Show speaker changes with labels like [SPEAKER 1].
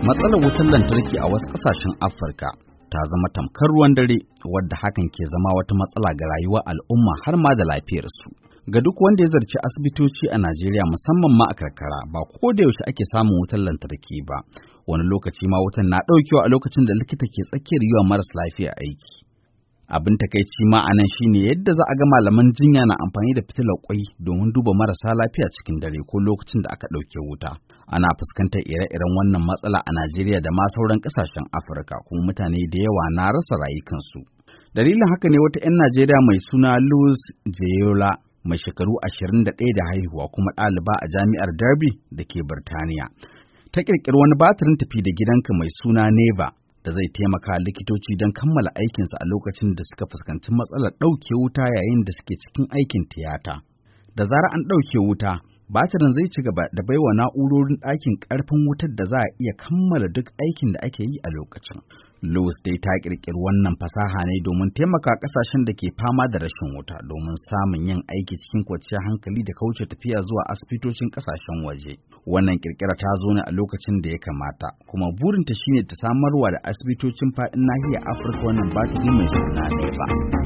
[SPEAKER 1] Matsalar wutar lantarki a wasu ƙasashen Afirka ta zama tamkar ruwan dare wadda hakan ke zama wata matsala ga rayuwa, al'umma har ma da lafiyarsu. Ga duk wanda ya zarci asibitoci a Najeriya musamman ma a karkara ba ko da yaushe ake samun wutar lantarki ba. Wani lokaci ma wutan na ɗaukewa a lokacin da likita ke tsakiyar yiwa maras lafiya aiki. Abin takaici ma shi ne yadda za a ga malaman jinya na amfani da fitilar kwai domin duba marasa lafiya cikin dare ko lokacin da aka ɗauke wuta. Ana fuskantar ire-iren wannan matsala a Najeriya da ma sauran ƙasashen Afirka kuma mutane da yawa na rasa rayukansu. Dalilin haka ne wata 'yan Najeriya mai suna Louis Jeyola mai shekaru ashirin da ɗaya da haihuwa kuma ɗaliba a jami'ar Derby da ke Birtaniya. Ta ƙirƙiri wani batirin tafi da gidanka mai suna Neva da zai taimaka likitoci don kammala aikinsu a lokacin da suka fuskanci matsalar ɗauke wuta yayin da suke cikin aikin tiyata. Da zara an ɗauke wuta, batirin zai ci gaba da baiwa na'urorin ɗakin ƙarfin wutar da za a iya kammala duk aikin da ake yi a lokacin. Louis dai ta ƙirƙiri wannan fasaha ne domin taimaka ƙasashen da ke fama da rashin wuta domin samun yin aiki cikin kwanciyar hankali da kauce tafiya zuwa asibitocin ƙasashen waje. Wannan ƙirƙira ta zo ne a lokacin da ya kamata, kuma burinta shine ta samarwa da asibitocin faɗin nahiyar Afirka wannan batiri mai suna ba.